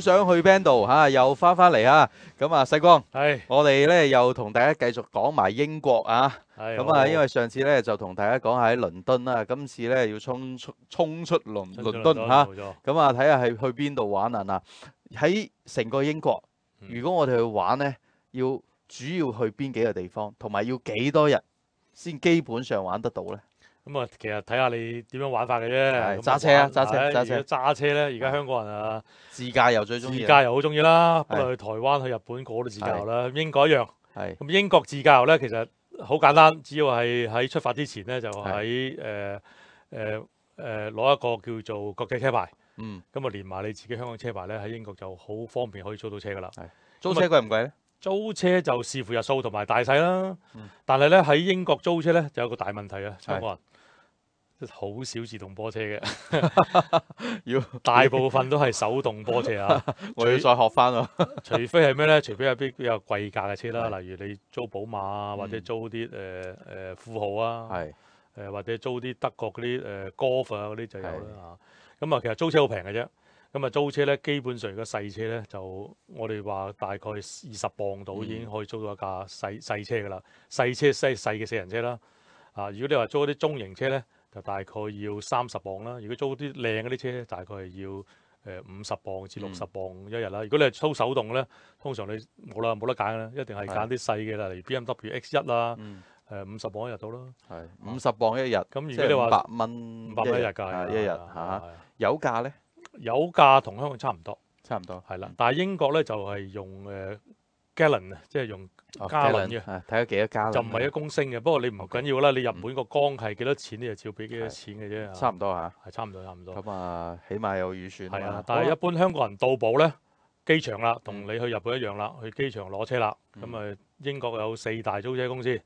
想去 BEN 度吓，又翻翻嚟啊！咁是啊，細光的，係我哋咧又同大家繼續講埋英國啊。係咁啊，因為上次咧就同大家講喺倫敦啦，今次咧要衝出衝出倫倫敦吓，咁啊睇下係去邊度玩啊嗱。喺成個英國，如果我哋去玩咧，要主要去邊幾個地方，同埋要幾多日先基本上玩得到咧？咁啊，其實睇下你點樣玩法嘅啫。揸車啊，揸車揸車。揸車咧，而家香港人啊，自駕遊最中意。自駕遊好中意啦，不過去台灣、去日本嗰啲自駕遊啦，英國一樣。係。咁英國自駕遊咧，其實好簡單，只要係喺出發之前咧，就喺誒誒誒攞一個叫做國際車牌。嗯。咁啊，連埋你自己香港車牌咧，喺英國就好方便可以租到車㗎喇。係。租車貴唔貴咧？租車就視乎日數同埋大細啦，但係咧喺英國租車咧就有個大問題啊，張國，好是少自動波車嘅，要 大部分都係手動波車啊， 除我要再學翻啊， 除非係咩咧？除非有啲比較貴價嘅車啦，是例如你租寶馬啊，或者租啲誒誒富豪啊，係誒、嗯、或者租啲德國嗰啲誒 Golf 啊嗰啲就有啦嚇。咁啊是，是其實租車好平嘅啫。咁啊，租車咧，基本上個細車咧，就我哋話大概二十磅到已經可以租到一架細細車噶啦。細車即係細嘅四人車啦。啊，如果你話租啲中型車咧，就大概要三十磅啦。如果租啲靚嗰啲車，大概係要誒五十磅至六十磅一日啦。嗯、如果你係租手動嘅咧，通常你冇啦，冇得揀啦，一定係揀啲細嘅啦，例如 B M W X 一啦、嗯，誒五十磅一日到啦。係五十磅一日。咁、嗯、如果你話百蚊，五百蚊日價一日嚇，油價咧？油價同香港差唔多，差唔多係啦。但係英國咧就係用誒 gallon 啊，即係用加侖嘅。睇咗幾多加侖就唔係一公升嘅。不過你唔緊要啦，你日本個缸係幾多錢，你就照俾幾多錢嘅啫。差唔多嚇，係差唔多，差唔多。咁啊，起碼有預算啦。啊，但係一般香港人到埗咧，機場啦，同你去日本一樣啦，去機場攞車啦。咁啊，英國有四大租車公司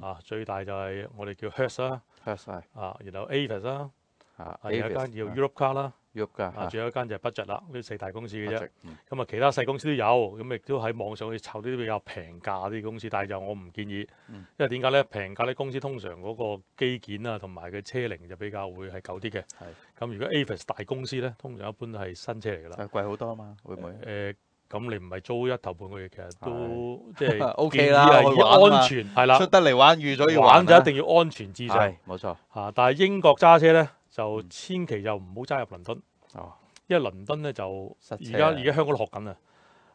啊，最大就係我哋叫 Hertz 啦 Hertz 啊，然後 Avis 啦，啊，有間叫 Europcar 啦。喐噶，啊，仲有一間就係 budget 啦，呢四大公司嘅啫。咁啊，其他細公司都有，咁亦都喺網上去炒啲比較平價啲公司，但係就我唔建議，因為點解咧？平價啲公司通常嗰個機件啊，同埋個車齡就比較會係舊啲嘅。咁如果 Avis 大公司咧，通常一般都係新車嚟㗎啦。貴好多啊嘛，會唔會？誒，咁你唔係租一頭半個月，其實都即係。O K 啦，要安全係啦，出得嚟玩預咗要玩就一定要安全至上，冇錯嚇。但係英國揸車咧。就千祈就唔好揸入倫敦，哦，因為倫敦咧就而家而家香港都學緊啊，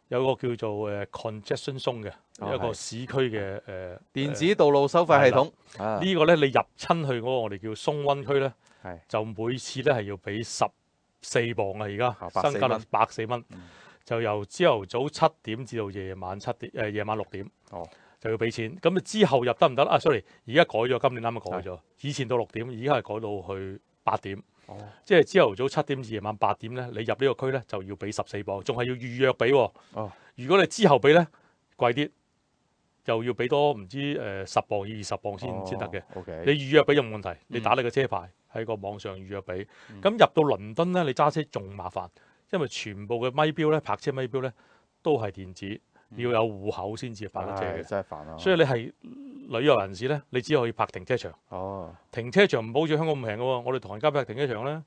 有個叫做誒 Congestion Zone 嘅一個市區嘅誒電子道路收費系統。啊、個呢個咧你入親去嗰個我哋叫松温區咧，就每次咧係要俾十四磅啊，而家新價率百四蚊，就由朝頭早七點至到晚點、呃、夜晚七點誒夜晚六點，哦，就要俾錢。咁你之後入得唔得啊，sorry，而家改咗，今年啱啱改咗，以前到六點，而家係改到去。是八點，哦、即係朝頭早七點至夜晚八點咧，你入呢個區咧就要俾十四磅，仲係要預約俾。哦，哦如果你之後俾咧貴啲，又要俾多唔知誒十磅二十磅先先得嘅。Okay，你預約俾有冇問題？你打你個車牌喺、嗯、個網上預約俾。咁入到倫敦咧，你揸車仲麻煩，因為全部嘅咪標咧泊車咪標咧都係電子。要有戶口先至拍得車，所以你係旅遊人士咧，你只可以拍停車場。哦，停車場唔好似香港咁平嘅喎。我哋唐人街拍停車場咧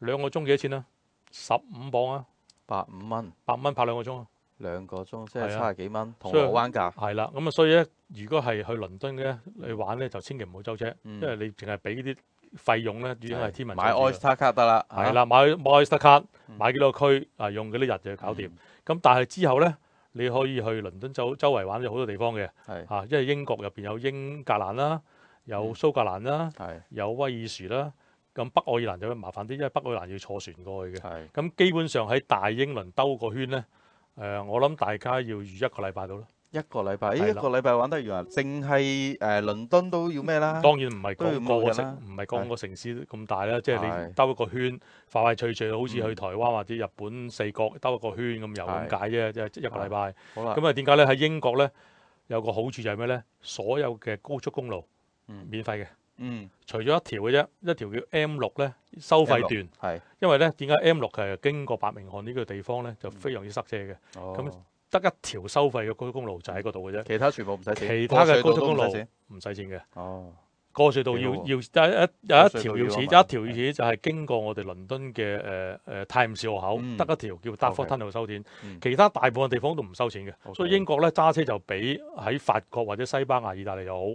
兩個鐘幾多錢啊？十五磅啊，百五蚊，百蚊拍兩個鐘啊，兩個鐘即係七十幾蚊。銅鑼灣價係啦，咁啊，所以咧，如果係去倫敦嘅，你玩咧就千祈唔好租車，因為你淨係俾啲費用咧，主要係天文。買 Oyster 卡得啦，係啦，買 Oyster 卡買幾多個區啊？用幾多日就搞掂咁。但係之後咧。你可以去倫敦周周圍玩，有好多地方嘅，嚇是，因為英國入邊有英格蘭啦，有蘇格蘭啦，是有威爾士啦，咁北愛爾蘭就麻煩啲，因為北愛爾蘭要坐船過去嘅，咁是基本上喺大英倫兜個圈咧，誒，我諗大家要預一個禮拜到啦。一個禮拜，一個禮拜玩得完呀，淨係誒倫敦都要咩啦？當然唔係個個城，唔係個個城市咁大啦，即係你兜一個圈，快快脆脆好似去台灣或者日本四國兜一個圈咁又咁解啫，即係一個禮拜。好啦，咁啊點解咧？喺英國咧有個好處就係咩咧？所有嘅高速公路免費嘅，嗯，除咗一條嘅啫，一條叫 M 六咧收費段，係因為咧點解 M 六係經過白明翰呢個地方咧就非常之塞車嘅，咁。得一條收費嘅高速公路就喺嗰度嘅啫，其他全部唔使。其他嘅高速公路唔使錢嘅。哦，過隧道要一要一有一條要錢，一條要錢就係經過我哋倫敦嘅誒誒泰晤士河口，得、嗯、一條叫 Dartford Tunnel 收錢，嗯、其他大部分地方都唔收錢嘅。嗯、所以英國咧揸車就比喺法國或者西班牙、意大利又好，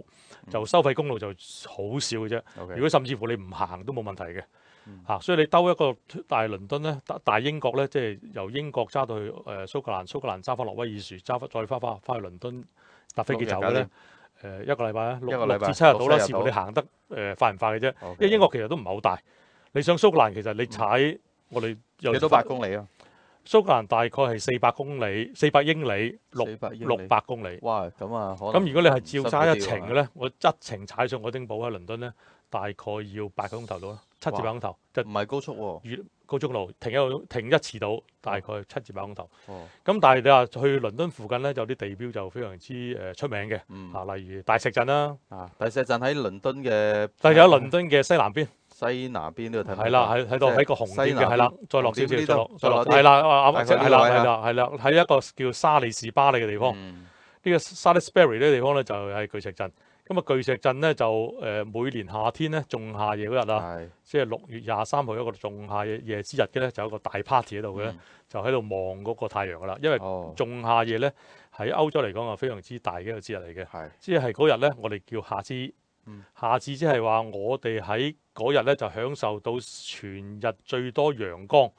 就收費公路就好少嘅啫。嗯、如果甚至乎你唔行都冇問題嘅。嚇！嗯、所以你兜一個大倫敦咧，大英國咧，即、就、係、是、由英國揸到去誒蘇格蘭，蘇格蘭揸翻落威爾士，揸翻再翻翻翻去倫敦搭飛機走嘅咧，誒、呃、一個禮拜啊，六拜？六六至七日到啦。視乎你行得誒快唔快嘅啫。呃、發發 okay, okay. 因為英國其實都唔係好大，你上蘇格蘭其實你踩我哋有幾多百公里啊？蘇格蘭大概係四百公里，四百英里，六六百公里。咁啊，咁如果你係照揸一程嘅咧，啊、我一程踩上愛丁堡喺倫敦咧。大概要八個鐘頭到啦，七至八個鐘頭就唔係高速喎，高速路停一個停一次到，大概七至八個鐘頭。哦，咁但係你話去倫敦附近咧，有啲地標就非常之誒出名嘅，嚇，例如大石陣啦，啊，大石陣喺倫敦嘅，就喺倫敦嘅西南邊。西南邊呢度睇，係啦，喺睇到，喺個紅邊嘅，係啦，再落少少，再落，再落，係啦，啊，係啦，係啦，係啦，喺一個叫沙利士巴利嘅地方，呢個沙利士巴利嘅地方咧就係巨石陣。咁啊，巨石鎮咧就誒、呃、每年夏天咧，仲夏夜嗰是日啊，即係六月廿三號一個仲夏夜，夜之日嘅咧，就有一個大 party 喺度嘅，嗯、就喺度望嗰個太陽噶啦，因為仲夏夜咧喺歐洲嚟講係，非常之大嘅一個節日嚟嘅，是即係嗰日咧，我哋叫夏至，嗯、夏至即係話我哋喺嗰日咧就享受到全日最多陽光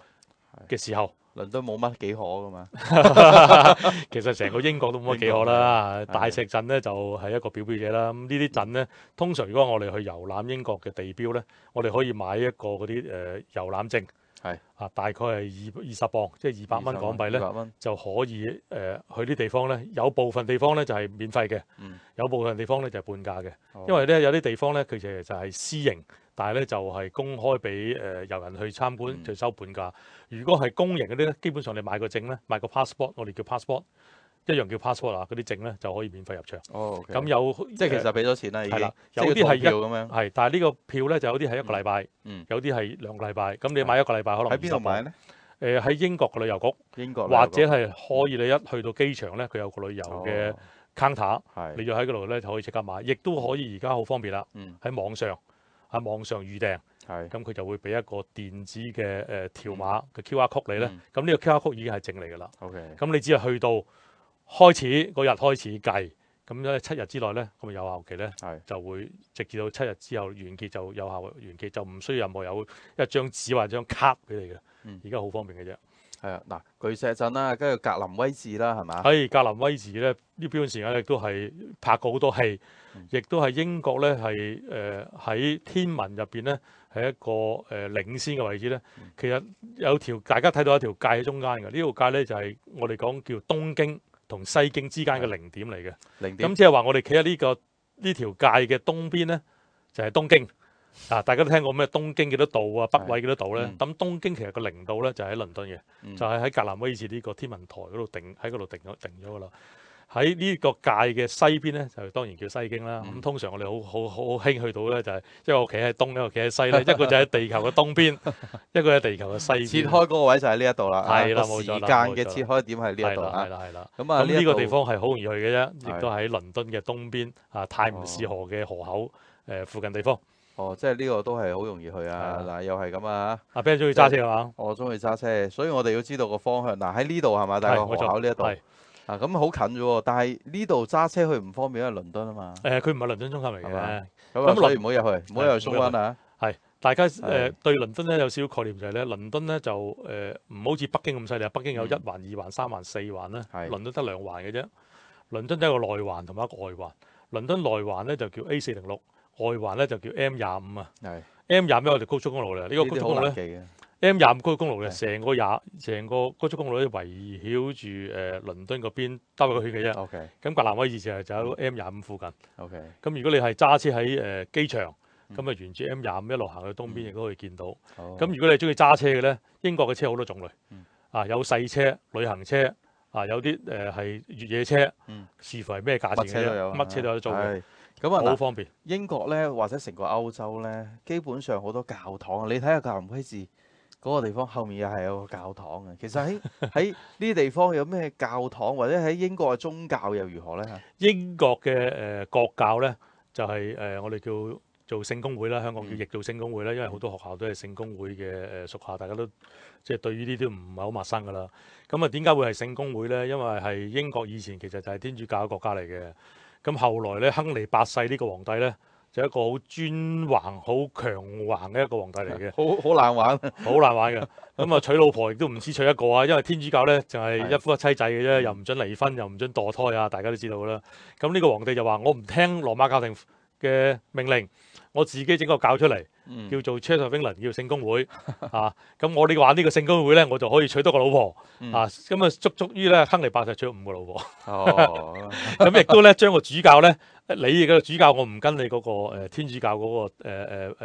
嘅時候。倫敦冇乜幾可噶嘛， 其實成個英國都冇乜幾可啦。大石鎮咧的就係一個表表者啦。咁呢啲鎮咧，通常如果我哋去遊覽英國嘅地標咧，我哋可以買一個嗰啲誒遊覽證，係的啊，大概係二二十磅，即係二百蚊港幣咧，就可以誒、呃、去啲地方咧。有部分地方咧就係、是、免費嘅，嗯、有部分地方咧就係、是、半價嘅，因為咧有啲地方咧佢其實就係私營。的但係咧，就係公開俾誒遊人去參觀，就收半價。如果係公營嗰啲咧，基本上你買個證咧，買個 passport，我哋叫 passport，一樣叫 passport 啊。嗰啲證咧就可以免費入場。哦，咁有即係其實俾咗錢啦，係啦，有啲係一係，但係呢個票咧就有啲係一個禮拜，有啲係兩個禮拜。咁你買一個禮拜，可能喺邊度買咧？誒，喺英國個旅遊局，英國旅遊局或者係可以你一去到機場咧，佢有個旅遊嘅 counter，你要喺嗰度咧就可以即刻買，亦都可以而家好方便啦。喺網上。喺網上預訂，係咁佢就會俾一個電子嘅誒、呃、條碼嘅、嗯、QR code 你咧、嗯，咁呢個 QR code 已經係證嚟㗎啦。OK，咁你只係去到開始嗰日開始計，咁咧七日之內咧，咁有效期咧，係是就會直至到七日之後完結就有效完結，就唔需要任何有一張紙或者張卡俾你嘅。而家好方便嘅啫。係啊，嗱，巨石陣啦，跟住格林威治啦，係嘛？係格林威治咧，呢段時間亦都係拍過好多戲，亦都係英國咧係誒喺天文入邊咧係一個誒、呃、領先嘅位置咧。其實有條大家睇到一條界喺中間嘅，條呢條界咧就係、是、我哋講叫東經同西經之間嘅零點嚟嘅。零點咁即係話我哋企喺呢個呢條界嘅東邊咧，就係、是、東經。啊！大家都聽過咩東經幾多度啊？北緯幾多度咧？咁東經其實個零度咧就喺倫敦嘅，就係喺格蘭威治呢個天文台嗰度定喺嗰度定定咗㗎喇。喺呢個界嘅西邊咧，就當然叫西經啦。咁通常我哋好好好興去到咧，就係因為我企喺東咧，一個企喺西咧，一個就喺地球嘅東邊，一個喺地球嘅西邊。切開嗰個位就喺呢一度啦，係啦，冇錯啦。時間嘅切開點係呢一度啊，係啦係啦。咁啊，呢個地方係好容易去嘅啫，亦都喺倫敦嘅東邊啊泰晤士河嘅河口誒附近地方。哦，即係呢個都係好容易去啊！嗱，又係咁啊阿啊，Ben 中意揸車啊嘛，我中意揸車，所以我哋要知道個方向。嗱，喺呢度係咪？大概去到呢一度，嗱，咁好近啫喎。但係呢度揸車去唔方便，因為倫敦啊嘛。誒，佢唔係倫敦中心嚟嘅，咁你唔好入去，唔好入去蘇芬啊。係，大家誒對倫敦咧有少少概念就係咧，倫敦咧就誒唔好似北京咁犀利，北京有一環、二環、三環、四環啦，倫敦得兩環嘅啫。倫敦有個內環同埋一個外環，倫敦內環咧就叫 A406。外環咧就叫 M 廿五啊，M 廿五我就高速公路嚟，呢個高速公路咧 M 廿五高速公路咧，成個廿成個高速公路咧圍繞住誒倫敦嗰邊兜個圈嘅啫。咁格蘭威爾就喺 M 廿五附近。咁如果你係揸車喺誒機場，咁啊沿住 M 廿五一路行去東邊亦都可以見到。咁如果你係中意揸車嘅咧，英國嘅車好多種類，啊有細車、旅行車，啊有啲誒係越野車，視乎係咩價錢車，乜車都有得租。咁啊，好方便！英國咧，或者成個歐洲咧，基本上好多教堂啊！你睇下格林威治嗰個地方後面又係有個教堂嘅。其實喺喺呢啲地方有咩教堂，或者喺英國嘅宗教又如何咧？英國嘅誒國教咧，就係誒我哋叫做聖公會啦，香港叫譯做聖公會啦，因為好多學校都係聖公會嘅誒屬下，大家都即係對於呢啲都唔係好陌生噶啦。咁啊，點解會係聖公會咧？因為係英國以前其實就係天主教嘅國家嚟嘅。咁後來咧，亨利八世呢個皇帝咧，就一個好專橫、好強橫嘅一個皇帝嚟嘅， 好好難玩，好 難玩嘅。咁啊，娶老婆亦都唔止娶一個啊，因為天主教咧，就係一夫一妻制嘅啫，又唔准離婚，又唔准墮胎啊，大家都知道啦。咁呢個皇帝就話：我唔聽羅馬教廷嘅命令，我自己整個教出嚟。嗯、叫做 c h a r l b i n 叫聖公會啊，咁我哋玩呢個聖公會咧，我就可以娶多個老婆、嗯、啊，咁啊足足於咧亨利八世娶五個老婆。呵呵哦、嗯，咁亦都咧將個主教咧，你嘅主教我唔跟你嗰個天主教嗰、嗰個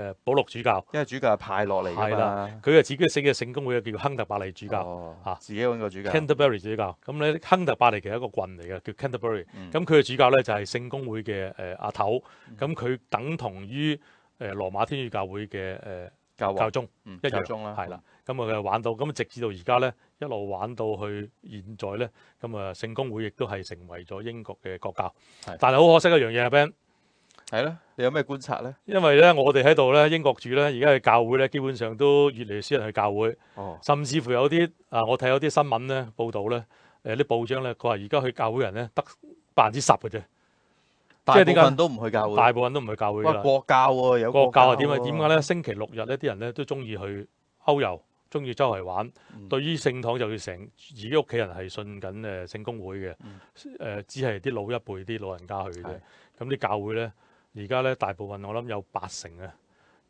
誒誒保祿主教，因為主教係派落嚟㗎嘛，係啦，佢係自己嘅聖嘅聖公會叫亨特伯利主教，嚇、哦、自己揾個主教。Canterbury 主教，咁咧亨特伯利其實一個郡嚟嘅，叫 Canterbury，咁佢嘅主教咧就係聖公會嘅誒阿頭，咁佢等同於，於。誒羅馬天主教會嘅誒教教宗、嗯、一,一樣啦，係啦，咁啊佢玩到，咁直至到而家咧，一路玩到去現在咧，咁啊聖公會亦都係成為咗英國嘅國教。係，但係好可惜一樣嘢阿 Ben 係咯，你有咩觀察咧？因為咧我哋喺度咧英國住咧，而家嘅教會咧，基本上都越嚟越少人去教會。哦、甚至乎有啲啊，我睇有啲新聞咧報導咧，誒啲報章咧，佢話而家去教會人咧得百分之十嘅啫。即係點解？大部分都唔去教會。哇，國教喎、啊、有。國教係點啊？點解咧？星期六日呢啲人咧都中意去歐遊，中意周圍玩。嗯、對於聖堂，就要成自己屋企人係信緊誒聖公會嘅，誒、嗯呃、只係啲老一輩啲老人家去嘅。咁啲的教會咧，而家咧大部分我諗有八成啊，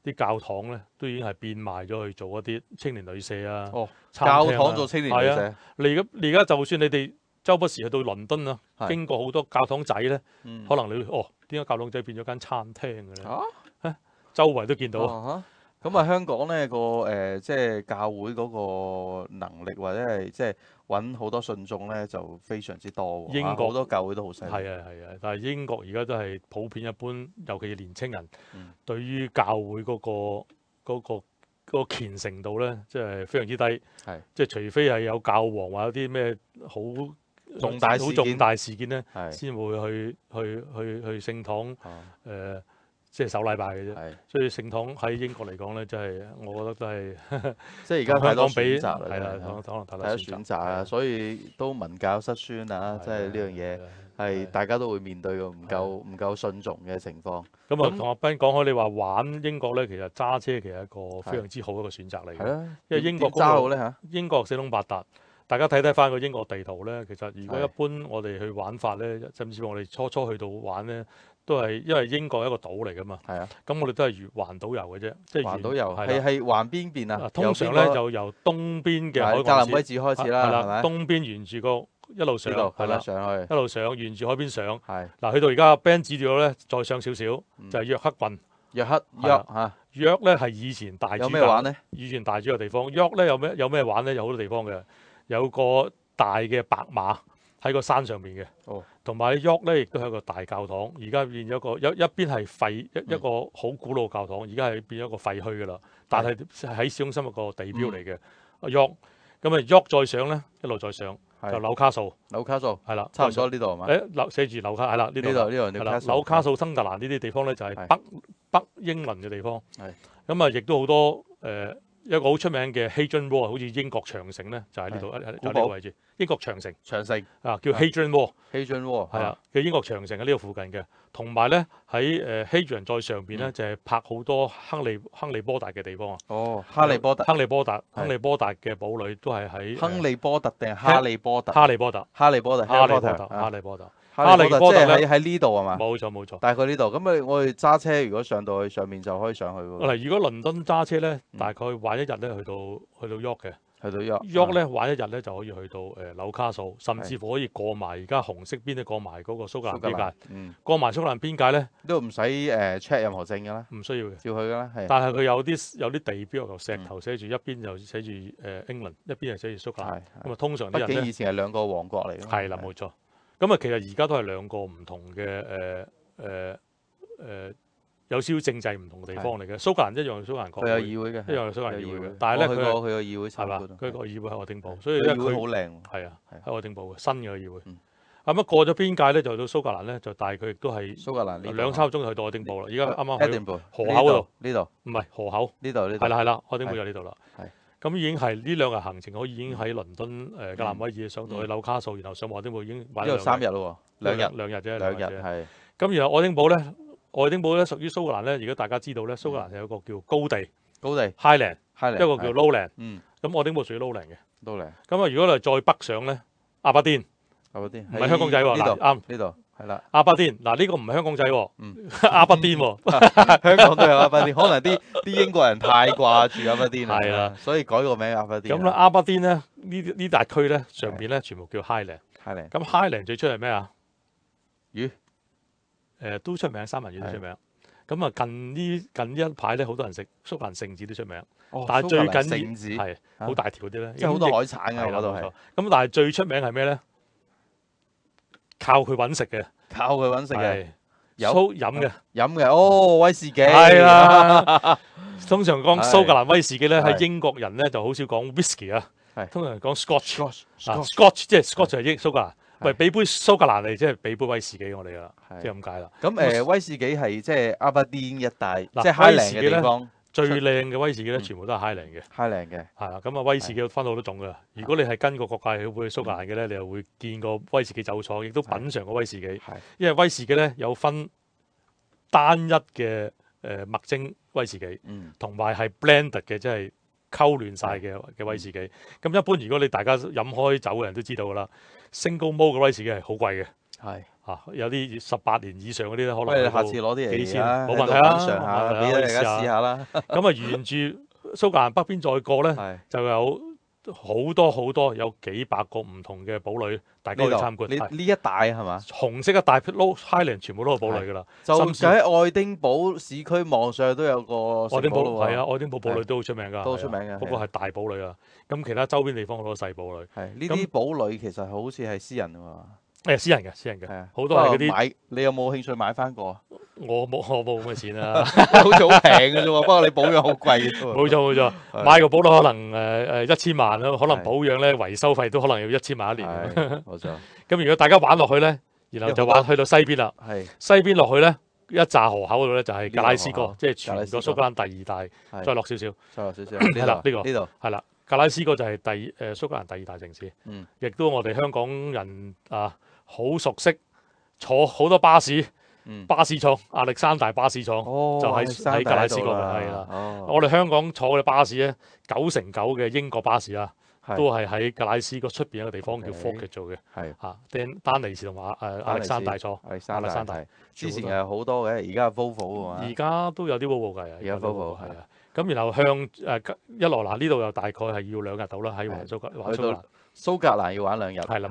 啲教堂咧都已經係變賣咗去做一啲青年旅舍啊。哦，啊、教堂做青年旅舍。你而家而家就算你哋。周不時去到倫敦啊，經過好多教堂仔咧，可能你會哦，點解教堂仔變咗間餐廳嘅咧？嚇、啊，周圍都見到。咁啊，嗯嗯嗯、香港咧個誒，即係教會嗰個能力或者係即係揾好多信眾咧，就非常之多。英國好多教會都好細。係啊係啊，但係英國而家都係普遍一般，尤其係年青人、嗯、對於教會嗰、嗰個嗰、嗰個虔誠、嗰個嗰個、度咧，即係非常之低。係的，即係除非係有教皇或者有啲咩好。重大好重大事件咧，先會去去去去聖堂誒，即係守禮拜嘅啫。所以聖堂喺英國嚟講咧，真係我覺得都係即係而家太多選擇啦。係啦，可能太多選擇啦，所以都文教失宣啊，即係呢樣嘢係大家都會面對嘅，唔夠唔夠信眾嘅情況。咁啊，同阿斌講開，你話玩英國咧，其實揸車其實一個非常之好一個選擇嚟嘅，因為英國公路英國四通八達。大家睇睇翻個英國地圖咧，其實如果一般我哋去玩法咧，甚至我哋初初去到玩咧，都係因為英國一個島嚟噶嘛。係。咁我哋都係環島遊嘅啫。環島遊係係環邊邊啊？通常咧就由東邊嘅海邊開始啦。係啦，東邊沿住個一路上係啦，上去一路上沿住海邊上。係嗱，去到而家 Ben 指住咧，再上少少就係約克郡。約克約啊約咧係以前大有咩玩咧？以前大主嘅地方約咧有咩有咩玩咧？有好多地方嘅。有個大嘅白馬喺個山上邊嘅，同埋喐咧亦都係一個大教堂。而家變咗一個一一邊係廢一一個好古老教堂，而家係變咗一個廢墟㗎喇。但係喺市中心一個地標嚟嘅喐，咁啊喐再上咧，一路再上就紐卡素，紐卡素係啦，差唔多呢度係嘛？誒，寫住紐卡係啦，呢度呢度紐卡素，紐卡素，新特蘭呢啲地方咧就係北北英倫嘅地方。係咁啊，亦都好多誒。一個好出名嘅 Hadrian Wall，好似英國長城咧，就喺呢度，喺呢個位置。英國長城，長城啊，叫 Hadrian Wall Hadrian Wall 係啊，叫英國長城喺呢個附近嘅。同埋咧喺誒 Hadrian 再上邊咧，就係拍好多亨利亨利波特嘅地方啊。哦，哈利波特，亨利波特，亨利波特嘅堡壘都係喺。亨利波特定哈利波特？哈利波特，哈利波特，哈利波特，哈利波特。巴黎哥即喺喺呢度啊嘛，冇錯冇錯，大概呢度。咁我我哋揸車，如果上到去上面就可以上去喎。嗱，如果倫敦揸車咧，大概玩一日咧，去到去到 York 嘅，去到 York。York 咧玩一日咧就可以去到誒紐卡素，甚至乎可以過埋而家紅色邊咧過埋嗰個蘇格蘭邊界。嗯，過埋蘇格蘭邊界咧，都唔使誒 check 任何證嘅啦。唔需要嘅，照去㗎啦。係。但係佢有啲有啲地標，由石頭寫住一邊就寫住誒英倫，一邊係寫住蘇格蘭。咁啊，通常啲人畢竟以前係兩個王國嚟嘅。係啦，冇錯。咁啊，其實而家都係兩個唔同嘅誒誒誒，有少少政制唔同嘅地方嚟嘅。蘇格蘭一樣蘇格蘭國會有議會嘅，一樣蘇格蘭議會嘅。但係咧佢，佢個議會係嘛？佢個議會喺愛丁堡，所以議會好靚，係啊，喺愛丁堡嘅新嘅議會。咁啊過咗邊界咧，就到蘇格蘭咧，就大概亦都係蘇格蘭兩三個鐘就去到愛丁堡啦。而家啱啱喺愛丁堡河口度呢度，唔係河口呢度呢，係啦係啦，愛丁堡就呢度啦，咁已經係呢兩日行程，我已經喺倫敦誒格蘭威爾上到去紐卡素，然後上愛丁堡已經玩咗三日咯喎，兩日兩日啫，兩日係。咁然後愛丁堡咧，愛丁堡咧屬於蘇格蘭咧。如果大家知道咧，蘇格蘭係有一個叫高地，高地，Highland，一個叫 Lowland。嗯。咁愛丁堡屬於 Lowland 嘅。Lowland。咁啊，如果嚟再北上咧，阿巴甸。阿巴甸。唔係香港仔喎，呢度啱呢度。係啦，亞伯甸嗱，呢個唔係香港仔喎，阿伯甸，香港都有阿伯甸，可能啲啲英國人太掛住阿伯甸啦，係啦，所以改個名阿伯甸。咁啦，亞伯甸咧呢呢大區咧上邊咧全部叫 Highland，Highland。咁 Highland 最出係咩啊？魚，誒都出名，三文魚都出名。咁啊近呢近呢一排咧，好多人食蘇格蘭聖子都出名，但係最緊要係好大條啲咧，即係好多海產嘅，咁但係最出名係咩咧？靠佢揾食嘅，靠佢揾食嘅，有飲嘅，飲嘅，哦，威士忌，係啦。通常講蘇格蘭威士忌咧，喺英國人咧就好少講 whisky 啊，通常講 scotch，scotch 即係 scotch 係英蘇格蘭，喂俾杯蘇格蘭嚟，即係俾杯威士忌我哋啦，即係咁解啦。咁誒威士忌係即係阿伯丁一帶，即係 Highland 嘅地方。最靚嘅威士忌咧，全部都係 High 零嘅。High 零嘅，係啦。咁啊，威士忌分好多種嘅。如果你係跟個國家的去會蘇格蘭嘅咧，你就會見過威士忌酒廠，亦都品嚐過威士忌。係，因為威士忌咧有分單一嘅誒麥精威士忌，同埋係 Blended 嘅，即係溝亂晒嘅嘅威士忌。咁的、嗯、一般如果你大家飲開酒嘅人都知道噶啦，Single Malt 嘅威士忌係好貴嘅。係的。嚇，有啲十八年以上嗰啲咧，可能下次攞啲都幾千，冇問題啦。大家試下啦。咁啊，沿住蘇格蘭北邊再過咧，就有好多好多，有幾百個唔同嘅堡壘，大家去參觀。你呢一帶係嘛？紅色嘅大片 Low Highland 全部都係堡壘㗎啦。甚至就喺愛丁堡市區，望上都有個愛丁堡係啊，愛丁堡堡壘都好出名㗎，都好出名嘅。不過係大堡壘啊。咁其他周邊地方好多細堡壘。係呢啲堡壘其實好似係私人㗎嘛。誒，私人嘅，私人嘅，好多係嗰啲，你有冇興趣買翻個？我冇，我冇咁嘅錢啊。好似好平嘅啫，不過你保養好貴。冇錯冇錯，買個保咧可能誒誒一千萬咯，可能保養咧維修費都可能要一千萬一年。冇錯。咁如果大家玩落去咧，然後就玩去到西邊啦，西邊落去咧，一紮河口嗰度咧就係格拉斯哥，即係全個蘇格蘭第二大。再落少少。再落少少。呢個呢度係啦，格拉斯哥就係第誒蘇格蘭第二大城市。亦都我哋香港人啊～好熟悉，坐好多巴士，巴士廠，亞歷山大巴士廠，就喺喺格拉斯嗰度啦。係啊，我哋香港坐嘅巴士咧，九成九嘅英國巴士啊，都係喺格拉斯個出邊一個地方叫 Fort 做嘅。吓，丹尼士同埋誒亞歷山大廠，亞歷山大。之前係好多嘅，而家 Volvo 而家都有啲 Volvo 嘅，而家 Volvo 係啊。咁然後向誒一落嗱，呢度又大概係要兩日到啦，喺華租。蘇格蘭要玩兩日，係啦，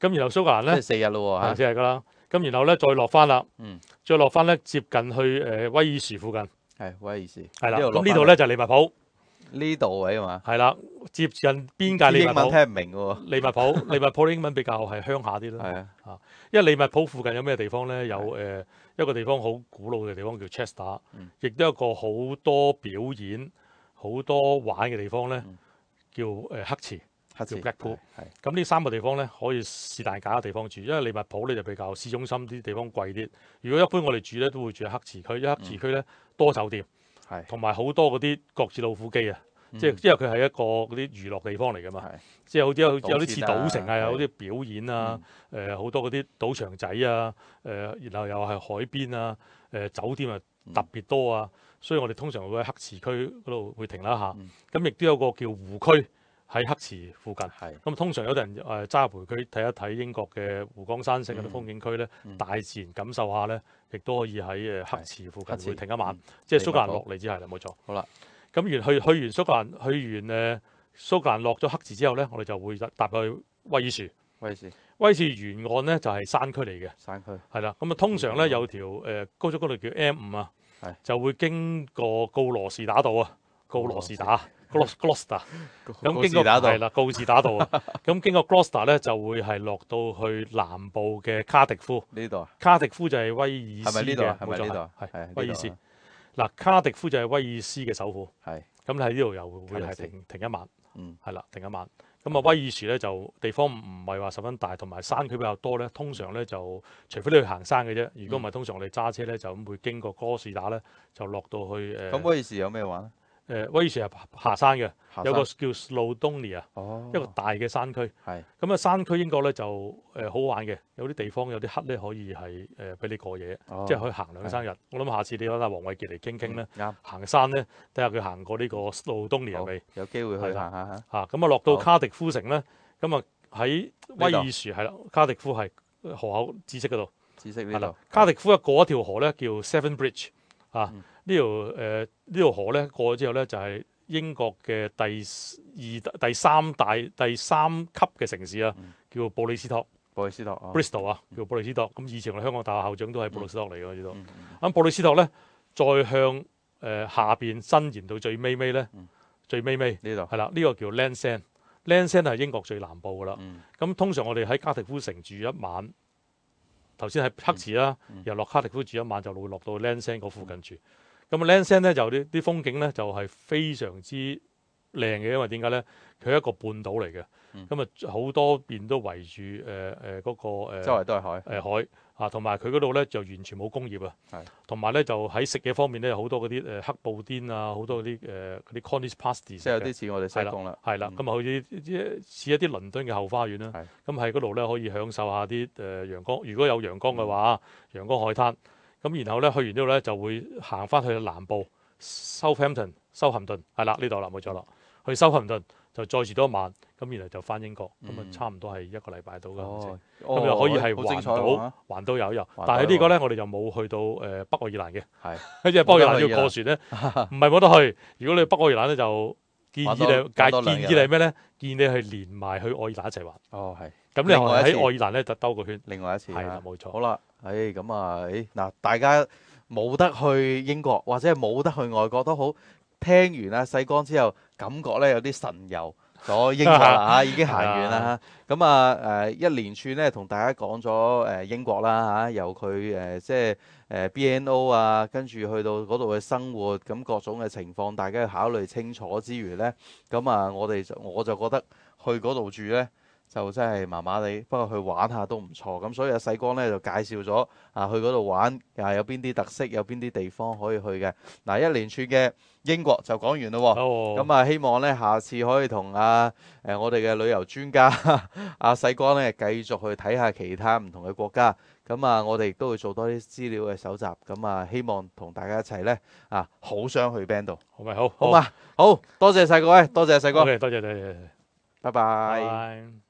咁然後蘇格蘭咧，即係四日咯喎，咁先係噶啦。咁然後咧再落翻啦，嗯，再落翻咧接近去誒威爾士附近，係威爾士，係啦。咁呢度咧就利物浦，呢度位啊嘛，係啦，接近邊界利物浦。英文聽唔明喎，利物浦，利物浦英文比較係鄉下啲咯，係啊，嚇，因為利物浦附近有咩地方咧？有誒一個地方好古老嘅地方叫 Chester，亦都有個好多表演好多玩嘅地方咧，叫誒黑池。黑，咁呢三個地方咧，可以是但揀嘅地方住，因為利物浦咧就比較市中心啲地方貴啲。如果一般我哋住咧，都會住喺黑池區，因為黑池區咧多酒店，係同埋好多嗰啲各自老虎機啊，即係因為佢係一個嗰啲娛樂地方嚟㗎嘛，即係好似有有啲賭城啊，有啲表演啊，誒好多嗰啲賭場仔啊，誒然後又係海邊啊，誒酒店啊特別多啊，所以我哋通常會喺黑池區嗰度會停一下。咁亦都有個叫湖區。喺黑池附近，咁的通常有啲人誒揸盤車睇一睇英國嘅湖光山色嗰啲風景區咧，嗯、大自然感受下咧，亦都可以喺誒黑池附近會停一晚，即係蘇格蘭落嚟之係啦，冇錯。好啦了，咁完去去完蘇格蘭，去完誒蘇格蘭、呃、落咗黑池之後咧，我哋就會搭去威爾士。威爾士，威爾士沿岸咧就係山區嚟嘅。山區係啦，咁啊通常咧有條誒、呃、高速公路叫 M 五啊的，就會經過高羅士打道啊，高羅士打。Gloucester，咁經過係啦，告士打道。咁經過 Gloucester 咧，就會係落到去南部嘅卡迪夫呢度。卡迪夫就係威爾斯嘅，係咪呢度啊？係呢度。係威爾斯。嗱，卡迪夫就係威爾斯嘅首府。係。咁喺呢度又會係停停一晚。嗯。係啦，停一晚。咁啊，威爾士咧就地方唔係話十分大，同埋山區比較多咧。通常咧就除非你去行山嘅啫，如果唔係，通常我哋揸車咧就咁會經過 Gloucester 咧，就落到去誒。咁威爾士有咩玩？誒威爾士係爬山嘅，有個叫 Snowdonia 啊，一個大嘅山區。係咁啊，山區英國咧就誒好玩嘅，有啲地方有啲黑咧可以係誒俾你過夜，即係可以行兩三日。我諗下次你揾下黃偉傑嚟傾傾咧，行山咧，睇下佢行過呢個 Snowdonia 未？有機會去行下嚇。咁啊，落到卡迪夫城咧，咁啊喺威爾士係啦，卡迪夫係河口紫色嗰度。知識呢度。卡迪夫一過一條河咧叫 Seven Bridge 嚇。呢條誒呢條河咧過咗之後咧就係英國嘅第二、第三大、第三級嘅城市啊，叫布里斯托。布里斯托 Bristol 啊，叫布里斯托。咁以前我哋香港大學校長都係布里斯托嚟嘅呢度，咁布里斯托咧再向誒下邊伸延到最尾尾咧，最尾尾呢度係啦，呢個叫 Land's End，Land's End 係英國最南部㗎啦。咁通常我哋喺卡迪夫城住一晚，頭先喺黑池啦，由落卡迪夫住一晚就會落到 Land's End 嗰附近住。咁啊 Land's End 咧就啲啲風景咧就係、是、非常之靚嘅，因為點解咧？佢係一個半島嚟嘅，咁啊好多邊都圍住誒誒嗰個、呃、周圍都係海誒、呃、海啊，同埋佢嗰度咧就完全冇工業啊，同埋咧就喺食嘢方面咧好多嗰啲誒黑布甸啊，好多嗰啲誒啲 Cornish pasties，即係有啲似我哋西貢啦，係啦，咁啊好似似一啲倫敦嘅後花園啦，咁喺嗰度咧可以享受下啲誒陽光，如果有陽光嘅話，陽光海灘。咁然後咧去完之後咧就會行翻去南部，修咸頓，修咸頓係啦，呢度啦冇錯啦。去修咸頓就再住多一晚，咁然後就翻英國，咁啊差唔多係一個禮拜到嘅，咁就可以係環島，環島遊一遊。但係呢個咧，我哋就冇去到誒北愛爾蘭嘅，係跟住北愛爾蘭要過船咧，唔係冇得去。如果你北愛爾蘭咧，就建議你解建議你係咩咧？建議你係連埋去愛爾蘭一齊玩。哦，係咁你喺愛爾蘭咧就兜個圈，另外一次係啦，冇錯。好啦。誒咁、哎、啊！誒嗱，大家冇得去英國或者冇得去外國都好，聽完啊洗光之後，感覺咧有啲神遊咗英國啦嚇，已經行完啦嚇。咁 啊誒一連串咧同大家講咗誒英國啦嚇、啊，由佢誒、呃、即係誒 BNO 啊，跟住去到嗰度嘅生活，咁各種嘅情況，大家要考慮清楚之餘咧，咁啊我哋我就覺得去嗰度住咧。就真係麻麻地，不過去玩下都唔錯。咁所以阿細光咧就介紹咗啊，去嗰度玩啊，有邊啲特色，有邊啲地方可以去嘅。嗱、啊，一連串嘅英國就講完咯。咁、oh、啊，希望咧下次可以同阿誒我哋嘅旅遊專家阿細、啊、光咧繼續去睇下其他唔同嘅國家。咁啊，我哋亦都會做多啲資料嘅搜集。咁啊，希望同大家一齊咧啊，好想去 BEN 度嗎？好咪好，好嘛，好，好多謝細哥，多謝細哥。多謝 okay, 多謝，拜拜。